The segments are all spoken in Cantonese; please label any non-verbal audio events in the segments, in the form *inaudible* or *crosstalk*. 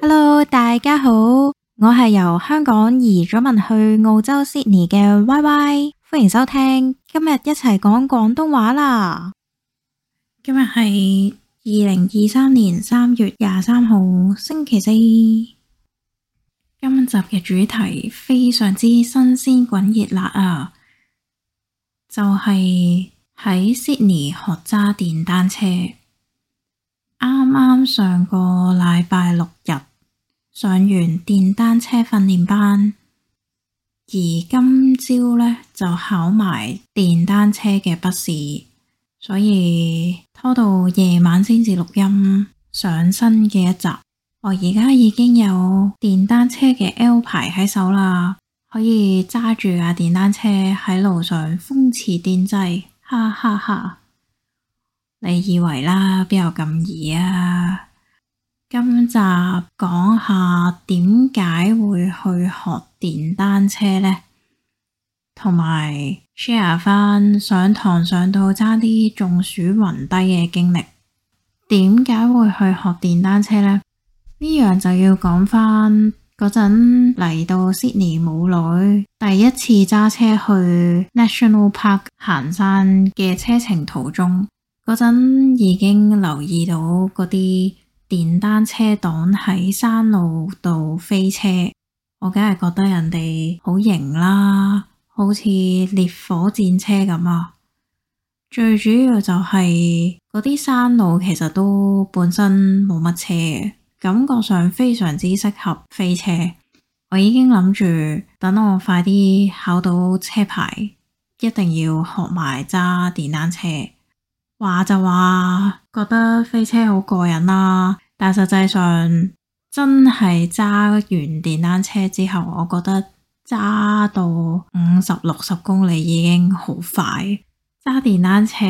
Hello，大家好，我係由香港移咗民去澳洲 Sydney 嘅 Y Y，歡迎收聽今日一齊講廣東話啦。今日係二零二三年三月廿三號星期四。今集嘅主題非常之新鮮滾熱辣啊，就係、是。喺 Sydney 學揸電單車，啱啱上個禮拜六日上完電單車訓練班，而今朝咧就考埋電單車嘅筆試，所以拖到夜晚先至錄音，上新嘅一集。我而家已經有電單車嘅 L 牌喺手啦，可以揸住架電單車喺路上風馳電掣。哈哈哈！ *laughs* 你以為啦，邊有咁易啊？今集講下點解會去學電單車呢？同埋 share 返上堂上到差啲中暑暈低嘅經歷。點解會去學電單車呢？呢樣就要講返。嗰陣嚟到 Sydney 冇耐，第一次揸車去 National Park 行山嘅車程途中，嗰陣已經留意到嗰啲電單車黨喺山路度飛車，我梗係覺得人哋好型啦，好似烈火戰車咁啊！最主要就係嗰啲山路其實都本身冇乜車嘅。感覺上非常之適合飛車，我已經諗住等我快啲考到車牌，一定要學埋揸電單車。話就話覺得飛車好過癮啦，但係實際上真係揸完電單車之後，我覺得揸到五十六十公里已經好快，揸電單車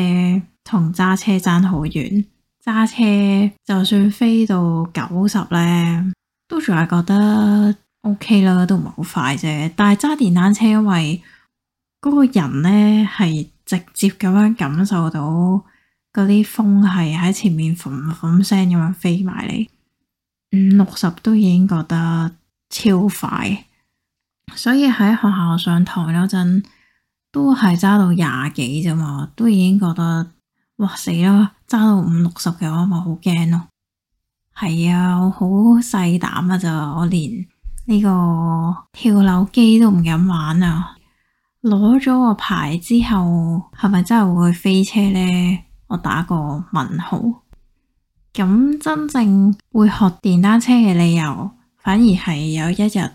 同揸車爭好遠。揸車就算飛到九十咧，都仲係覺得 OK 啦，都唔係好快啫。但係揸電單車，因為嗰個人咧係直接咁樣感受到嗰啲風係喺前面轟轟聲咁樣飛埋嚟，五六十都已經覺得超快。所以喺學校上堂嗰陣，都係揸到廿幾啫嘛，都已經覺得。哇！死啦，揸到五六十嘅我咪好驚咯。係啊，我好細膽啊，就我連呢個跳樓機都唔敢玩啊。攞咗個牌之後，係咪真係會飛車呢？我打個問號。咁真正會學電單車嘅理由，反而係有一日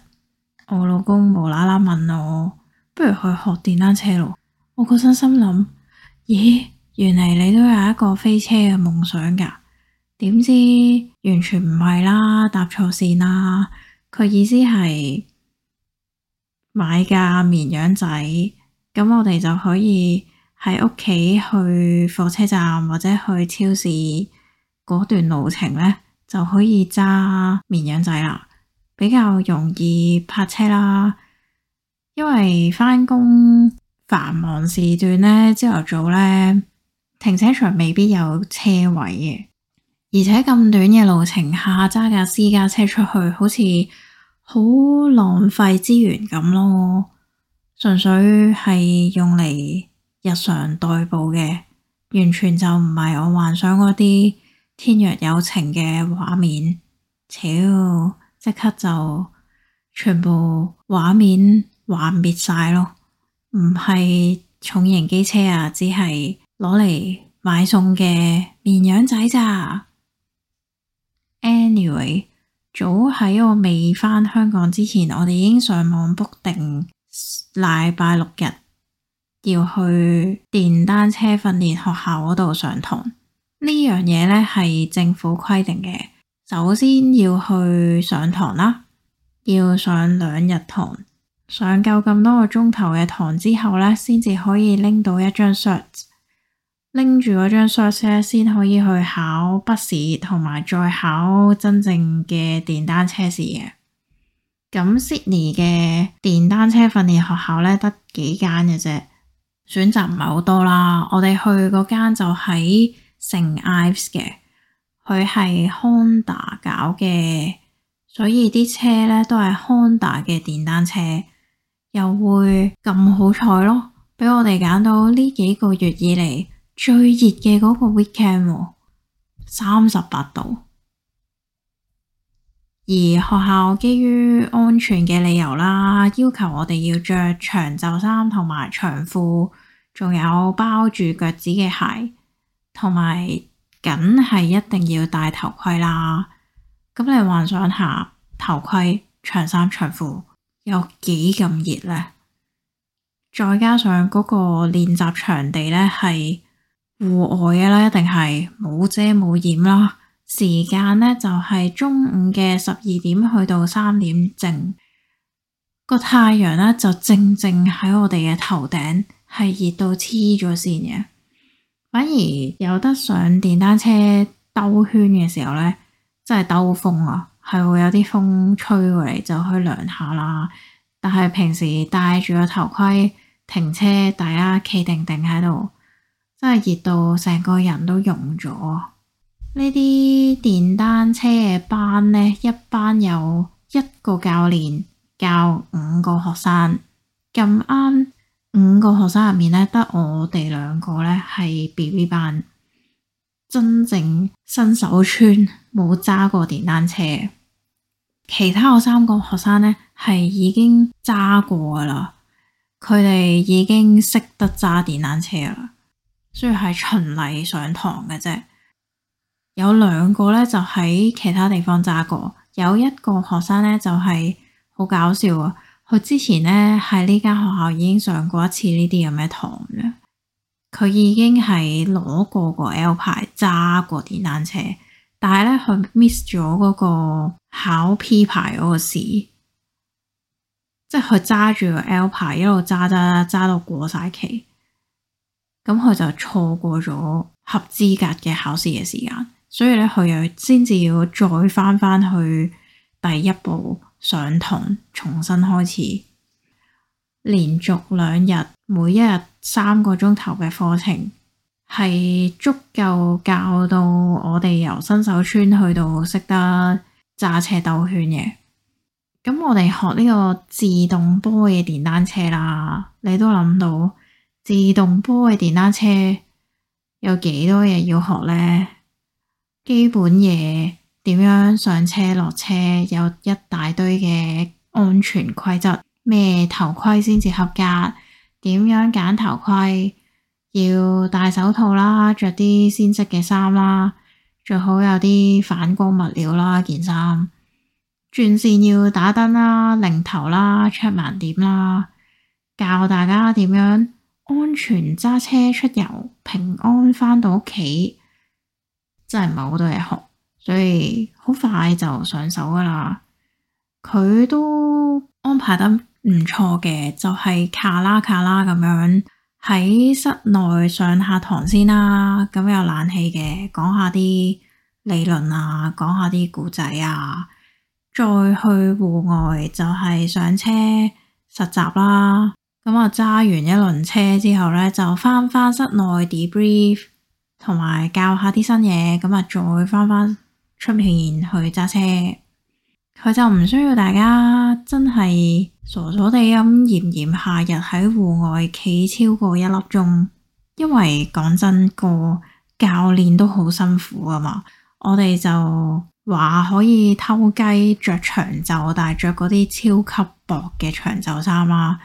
我老公無啦啦問我不如去學電單車咯。我個身心諗，咦？原嚟你都有一個飛車嘅夢想噶，點知完全唔係啦，搭錯線啦。佢意思係買架綿羊仔，咁我哋就可以喺屋企去火車站或者去超市嗰段路程咧，就可以揸綿羊仔啦，比較容易泊車啦。因為返工繁忙時段咧，朝頭早咧。停車場未必有車位嘅，而且咁短嘅路程下揸架私家車出去，好似好浪費資源咁咯。純粹係用嚟日常代步嘅，完全就唔係我幻想嗰啲天若有情嘅畫面。超即刻就全部畫面幻滅晒咯，唔係重型機車啊，只係～攞嚟買餸嘅綿羊仔咋？Anyway，早喺我未返香港之前，我哋已經上網 book 定禮拜六日要去電單車訓練學校嗰度上堂。呢樣嘢呢係政府規定嘅。首先要去上堂啦，要上兩日堂，上夠咁多個鐘頭嘅堂之後呢，先至可以拎到一張 cert。拎住嗰張雙車先可以去考筆試，同埋再考真正嘅電單車試嘅。咁 Sydney 嘅電單車訓練學校咧得幾間嘅啫，選擇唔係好多啦。我哋去嗰間就喺 St Ives 嘅，佢係 Honda 搞嘅，所以啲車咧都係 Honda 嘅電單車，又會咁好彩咯，俾我哋揀到呢幾個月以嚟最熱嘅嗰個 weekend，三十八度。而學校基於安全嘅理由啦，要求我哋要着長袖衫同埋長褲，仲有包住腳趾嘅鞋，同埋梗係一定要戴頭盔啦。咁你幻想下，頭盔、長衫、長褲，有幾咁熱咧？再加上嗰個練習場地咧，係。戶外嘅啦，一定係冇遮冇掩啦。時間呢，就係中午嘅十二點去到三點正，個太陽呢，就正正喺我哋嘅頭頂，係熱到黐咗線嘅。反而有得上電單車兜圈嘅時候呢，真係兜風啊，係會有啲風吹過嚟就可以涼下啦。但係平時戴住個頭盔停車，大家企定定喺度。真係熱到成個人都溶咗。呢啲電單車嘅班呢，一班有一個教練教五個學生。咁啱五個學生入面呢，得我哋兩個呢係 BB 班，真正新手村，冇揸過電單車。其他三個學生呢，係已經揸過啦，佢哋已經識得揸電單車啦。所以係循例上堂嘅啫，有兩個咧就喺其他地方揸過，有一個學生咧就係好搞笑啊！佢之前咧喺呢間學校已經上過一次呢啲咁嘅堂嘅，佢已經係攞過個 L 牌揸過電單車，但係咧佢 miss 咗嗰個考 P 牌嗰個試，即係佢揸住個 L 牌一路揸揸揸揸到過晒期。咁佢就錯過咗合資格嘅考試嘅時間，所以咧佢又先至要再翻翻去第一步上堂，重新開始，連續兩日，每一日三個鐘頭嘅課程，係足夠教到我哋由新手村去到識得揸車兜圈嘅。咁我哋學呢個自動波嘅電單車啦，你都諗到。自動波嘅電單車有幾多嘢要學呢？基本嘢，點樣上車落車，有一大堆嘅安全規則。咩頭盔先至合格？點樣揀頭盔？要戴手套啦，着啲鮮色嘅衫啦，最好有啲反光物料啦，件衫。轉綫要打燈啦，擰頭啦，出盲點啦，教大家點樣。安全揸車出遊，平安翻到屋企，真係唔係好多嘢學，所以好快就上手噶啦。佢都安排得唔錯嘅，就係、是、卡拉卡拉咁樣喺室內上下堂先啦，咁有冷氣嘅，講下啲理論啊，講下啲古仔啊，再去戶外就係、是、上車實習啦。咁啊，揸完一輪車之後呢，就翻返室內 debrief，同埋教下啲新嘢，咁啊，再翻返出面去揸車。佢就唔需要大家真係傻傻地咁炎炎夏日喺戶外企超過一粒鐘，因為講真個教練都好辛苦啊嘛。我哋就話可以偷雞着長袖，但係着嗰啲超級薄嘅長袖衫啊。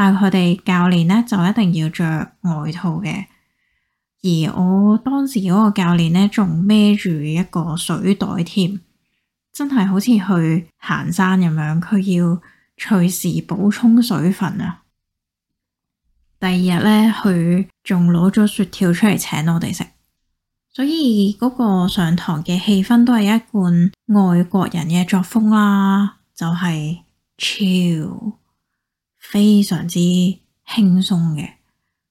但係佢哋教練咧，就一定要着外套嘅。而我當時嗰個教練咧，仲孭住一個水袋添，真係好似去行山咁樣，佢要隨時補充水分啊！第二日咧，佢仲攞咗雪條出嚟請我哋食，所以嗰個上堂嘅氣氛都係一貫外國人嘅作風啦，就係超～非常之輕鬆嘅，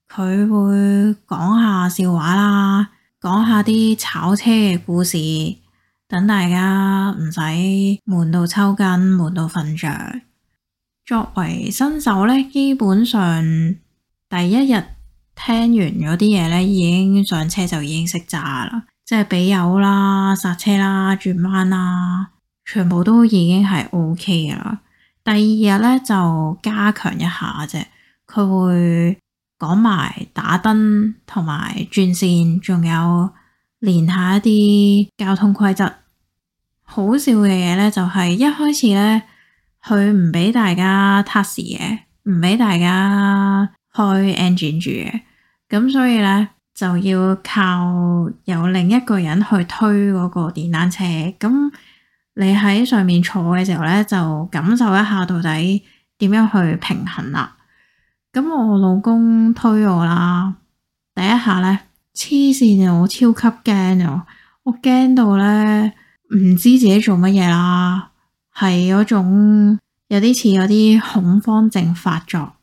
佢會講下笑話啦，講下啲炒車嘅故事，等大家唔使悶到抽筋，悶到瞓着。作為新手呢，基本上第一日聽完嗰啲嘢呢，已經上車就已經識揸啦，即係俾油啦，剎車啦，轉彎啦，全部都已經係 OK 㗎啦。第二日咧就加強一下啫，佢會講埋打燈同埋轉線，仲有連下一啲交通規則。好笑嘅嘢咧就係一開始咧，佢唔俾大家 touch 嘢，唔俾大家開 engine 住嘅，咁所以咧就要靠有另一個人去推嗰個電單車咁。你喺上面坐嘅時候咧，就感受一下到底點樣去平衡啦。咁我老公推我啦，第一下咧，黐綫！我超級驚咗，我驚到咧唔知自己做乜嘢啦，係嗰種有啲似有啲恐慌症發作，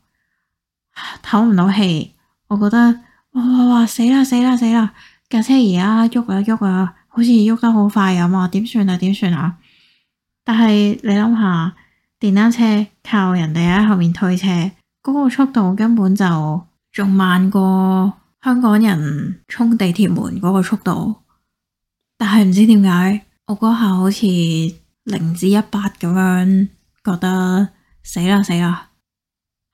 唞唔到氣。我覺得哇哇哇死啦死啦死啦！架車而家喐啊喐啊，好似喐得好快咁啊，點算啊點算啊！但係你諗下，電單車靠人哋喺後面推車，嗰個速度根本就仲慢過香港人衝地鐵門嗰個速度。但係唔知點解，我嗰下好似零至一百咁樣，覺得死啦死啦。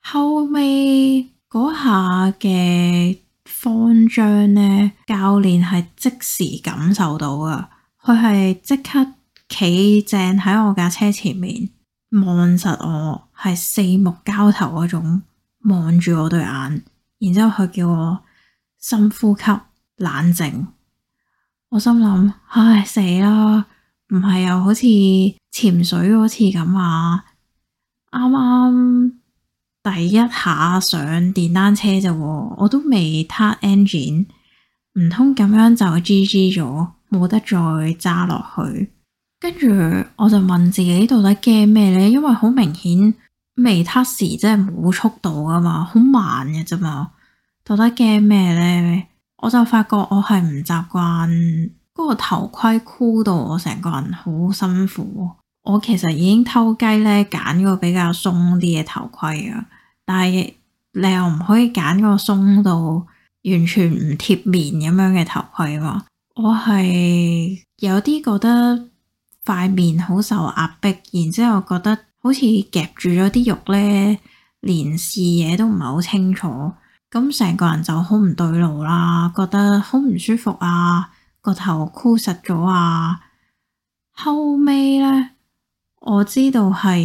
後尾嗰下嘅慌張呢，教練係即時感受到噶，佢係即刻。企正喺我架車前面望實我，係四目交投嗰種望住我對眼，然之後佢叫我深呼吸冷靜。我心諗，唉，死啦，唔係又好似潛水嗰次咁啊。啱啱第一下上電單車啫，我都未撻 engine，唔通咁樣就 G G 咗，冇得再揸落去。跟住我就問自己到底驚咩呢？因為好明顯未測試，即係冇速度噶嘛，好慢嘅咋嘛。到底驚咩呢？我就發覺我係唔習慣嗰個頭盔箍到我成個人好辛苦。我其實已經偷雞咧揀個比較鬆啲嘅頭盔啊，但係你又唔可以揀個鬆到完全唔貼面咁樣嘅頭盔嘛。我係有啲覺得。塊面好受壓迫，然之後覺得好似夾住咗啲肉呢，連視野都唔係好清楚，咁成個人就好唔對路啦，覺得好唔舒服啊，個頭箍實咗啊，後尾呢，我知道係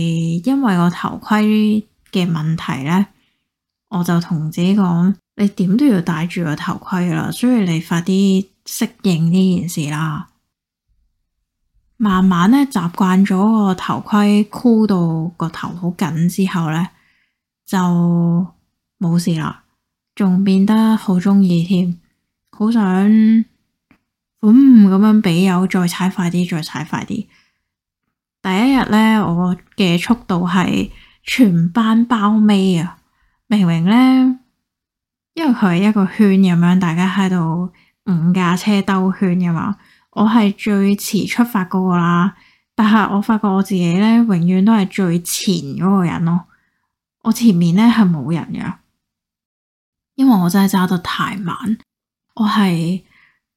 因為個頭盔嘅問題呢，我就同自己講，你點都要戴住個頭盔啦，所以你快啲適應呢件事啦。慢慢咧，習慣咗個頭盔箍到個頭好緊之後咧，就冇事啦，仲變得好中意添，好想嗯咁樣俾油再踩快啲，再踩快啲。第一日咧，我嘅速度係全班包尾啊！明明咧，因為佢係一個圈咁樣，大家喺度五架車兜圈噶嘛。我係最遲出發嗰個啦，但係我發覺我自己咧，永遠都係最前嗰個人咯。我前面咧係冇人嘅，因為我真係揸得太慢，我係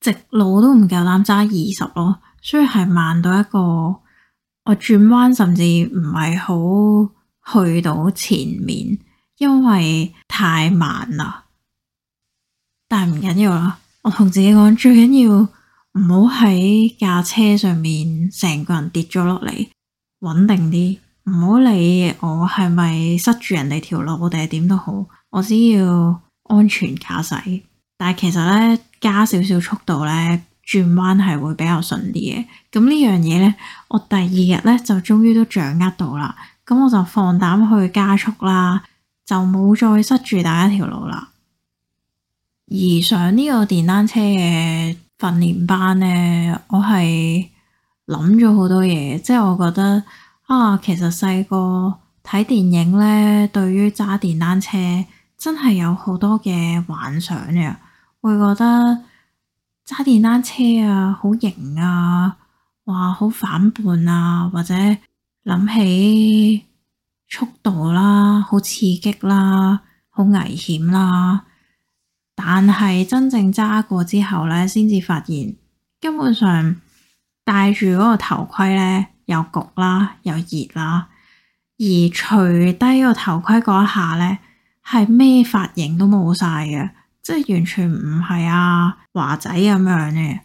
直路都唔夠膽揸二十咯，所以係慢到一個我轉彎甚至唔係好去到前面，因為太慢啦。但係唔緊要啦，我同自己講最緊要。唔好喺架車上面，成個人跌咗落嚟，穩定啲。唔好理我係咪塞住人哋條路，定係點都好，我只要安全駕駛。但係其實呢，加少少速度呢，轉彎係會比較順啲嘅。咁呢樣嘢呢，我第二日呢就終於都掌握到啦。咁我就放膽去加速啦，就冇再塞住大家條路啦。而上呢個電單車嘅。訓練班呢，我係諗咗好多嘢，即係我覺得啊，其實細個睇電影呢，對於揸電單車真係有好多嘅幻想嘅，會覺得揸電單車啊好型啊，哇好反叛啊，或者諗起速度啦，好刺激啦，好危險啦。但係真正揸過之後咧，先至發現根本上戴住嗰個頭盔咧又焗啦，又熱啦。而除低個頭盔嗰一下咧，係咩髮型都冇晒嘅，即係完全唔係啊華仔咁樣嘅，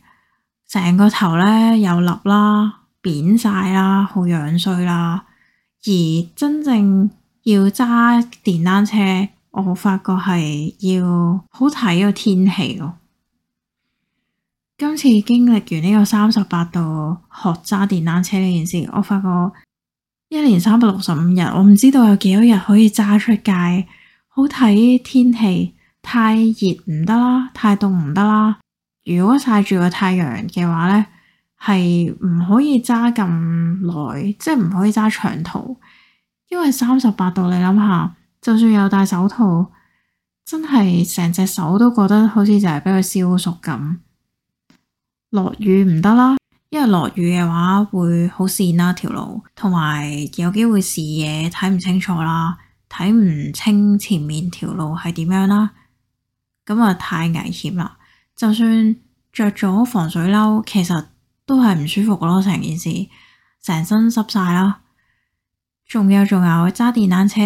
成個頭咧又立啦、扁晒啦、好樣衰啦。而真正要揸電單車。我發覺係要好睇個天氣咯。今次經歷完呢個三十八度學揸電單車呢件事，我發覺一年三百六十五日，我唔知道有幾多日可以揸出街。好睇天氣，太熱唔得啦，太凍唔得啦。如果晒住個太陽嘅話呢，係唔可以揸咁耐，即係唔可以揸長途。因為三十八度，你諗下。就算有戴手套，真係成隻手都覺得好似就係畀佢燒熟咁。落雨唔得啦，因為落雨嘅話會好跣啦條路，同埋有機會視野睇唔清楚啦，睇唔清前面條路係點樣啦。咁太危險啦！就算着咗防水褸，其實都係唔舒服咯，成件事成身濕晒啦。仲有仲有揸電單車。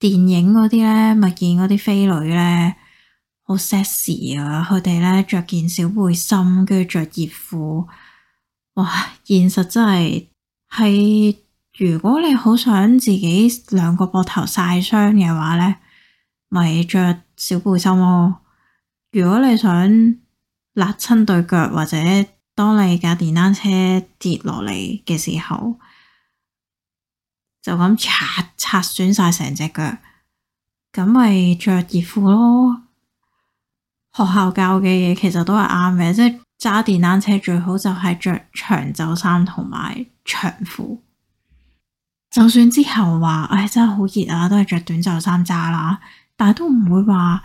電影嗰啲呢，咪見嗰啲飛女呢，好 sexy 啊！佢哋呢，着件小背心，跟住着熱褲。哇！現實真係係，如果你好想自己兩個膊頭晒傷嘅話呢，咪着小背心咯，啊。如果你想辣親對腳，或者當你架電單車跌落嚟嘅時候。就咁擦擦損晒成隻腳，咁咪着熱褲咯。學校教嘅嘢，其實都係啱嘅，即係揸電單車最好就係着長袖衫同埋長褲。就算之後話，唉，真係好熱啊，都係着短袖衫揸啦。但係都唔會話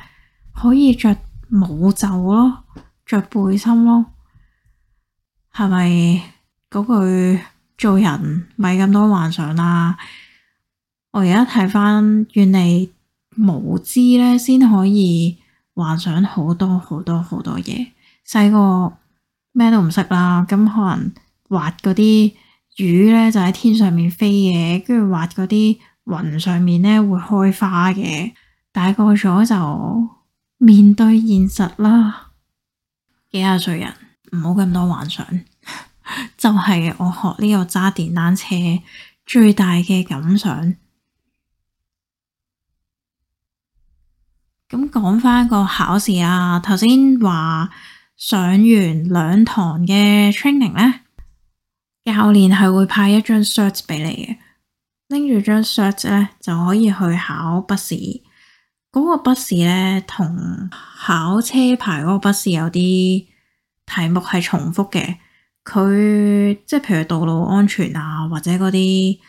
可以着冇袖咯、着背心咯。係咪嗰句做人咪咁多幻想啦？我而家睇翻，原嚟無知咧，先可以幻想好多好多好多嘢。細個咩都唔識啦，咁可能畫嗰啲魚咧就喺天上面飛嘅，跟住畫嗰啲雲上面咧會開花嘅。大個咗就面對現實啦，幾廿歲人唔好咁多幻想。 *laughs* 就係我學呢個揸電單車最大嘅感想。咁講翻個考試啊，頭先話上完兩堂嘅 training 呢，教練係會派一張 cert 俾你嘅，拎住張 cert 呢，就可以去考筆試。嗰個筆試呢，同考車牌嗰個筆試有啲題目係重複嘅，佢即係譬如道路安全啊，或者嗰啲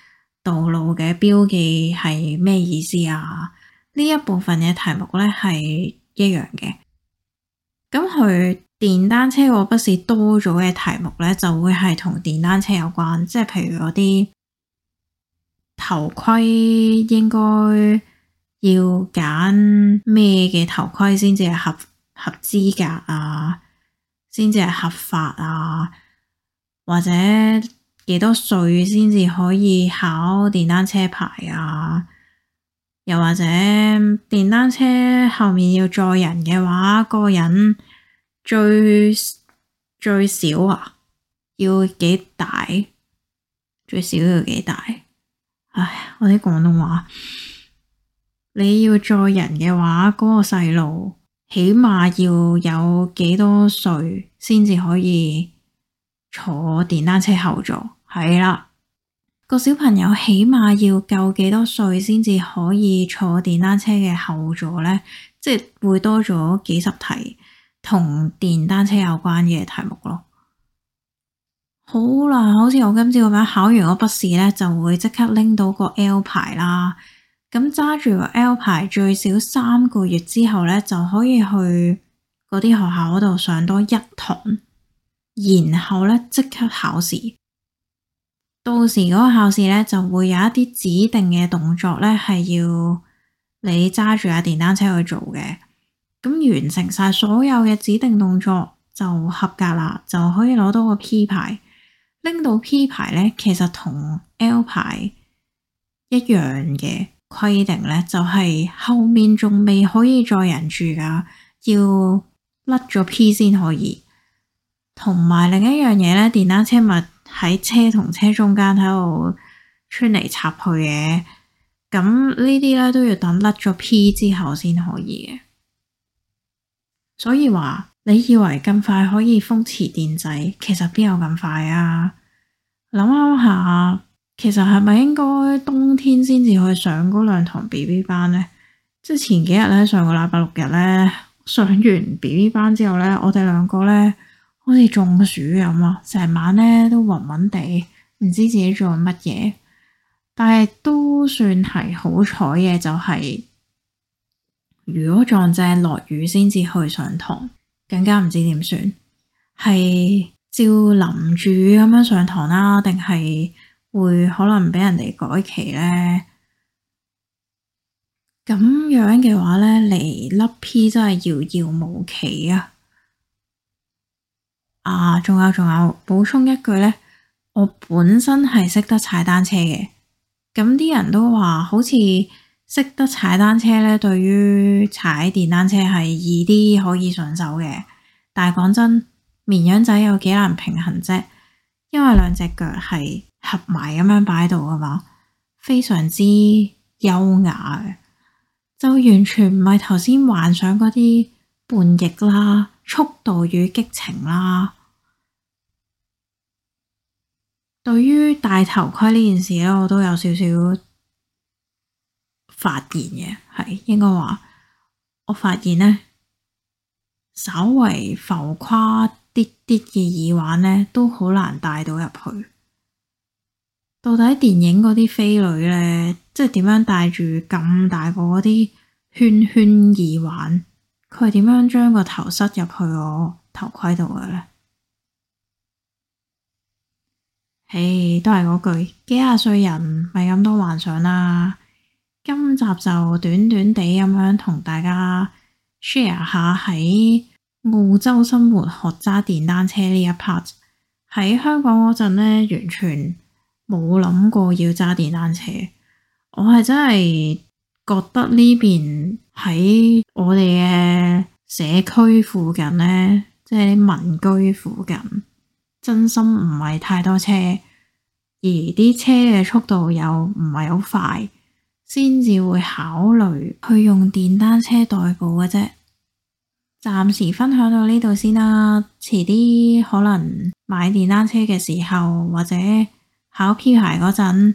道路嘅標記係咩意思啊？呢一部分嘅題目咧，係一樣嘅，咁佢電單車個筆試多咗嘅題目咧，就會係同電單車有關，即係譬如嗰啲頭盔應該要揀咩嘅頭盔先至係合合資格啊，先至係合法啊，或者幾多歲先至可以考電單車牌啊？又或者電單車後面要載人嘅話，個人最最少啊，要幾大？最少要幾大？唉，我啲廣東話，你要載人嘅話，嗰個細路起碼要有幾多歲先至可以坐電單車後座？係啦。個小朋友起碼要夠幾多歲先至可以坐電單車嘅後座呢？即係會多咗幾十題同電單車有關嘅題目咯。好啦，好似我今次咁樣考完個筆試呢，就會即刻拎到個 L 牌啦。咁揸住個 L 牌最少三個月之後呢，就可以去嗰啲學校嗰度上多一堂，然後呢即刻考試。到時嗰個考試咧，就會有一啲指定嘅動作咧，係要你揸住架電單車去做嘅。咁完成晒所有嘅指定動作就合格啦，就可以攞到個 P 牌。拎到 P 牌咧，其實同 L 牌一樣嘅規定咧，就係後面仲未可以載人住噶，要甩咗 P 先可以。同埋另一樣嘢咧，電單車物。喺車同車中間喺度穿嚟插去嘅，咁呢啲咧都要等甩咗 P 之後先可以嘅。所以話你以為咁快可以風馳電掣，其實邊有咁快啊？諗諗下，其實係咪應該冬天先至去上嗰兩堂 BB 班呢？即係前幾日咧，上個禮拜六日咧，上完 BB 班之後咧，我哋兩個咧。好似中暑咁啊！成晚咧，都暈暈哋，唔知自己做乜嘢。但係都算係好彩嘅，就係如果撞正落雨先至去上堂，更加唔知點算。係照淋住咁樣上堂啦，定係會可能俾人哋改期咧？咁樣嘅話咧，嚟粒 P 真係遙遙無期啊！啊，仲有仲有，補充一句呢，我本身係識得踩單車嘅，咁啲人都話好似識得踩單車呢，對於踩電單車係易啲可以順手嘅。但係講真，綿羊仔有幾難平衡啫，因為兩隻腳係合埋咁樣擺度啊嘛，非常之優雅嘅，就完全唔係頭先幻想嗰啲叛逆啦。速度與激情啦，對於戴頭盔呢件事咧，我都有少少發現嘅，係應該話，我發現呢，稍微浮誇啲啲嘅耳環呢，都好難戴到入去。到底電影嗰啲飛女咧，即係點樣戴住咁大個嗰啲圈圈耳環？佢點樣將個頭塞入去我頭盔度嘅咧？誒，hey，都係嗰句，幾廿歲人咪咁多幻想啦。今集就短短地咁樣同大家 share 下喺澳洲生活學揸電單車呢一 part。喺香港嗰陣呢，完全冇諗過要揸電單車，我係真係。覺得呢邊喺我哋嘅社區附近呢，即係啲民居附近，真心唔係太多車，而啲車嘅速度又唔係好快，先至會考慮去用電單車代步嘅啫。暫時分享到呢度先啦，遲啲可能買電單車嘅時候或者考 P 牌嗰陣。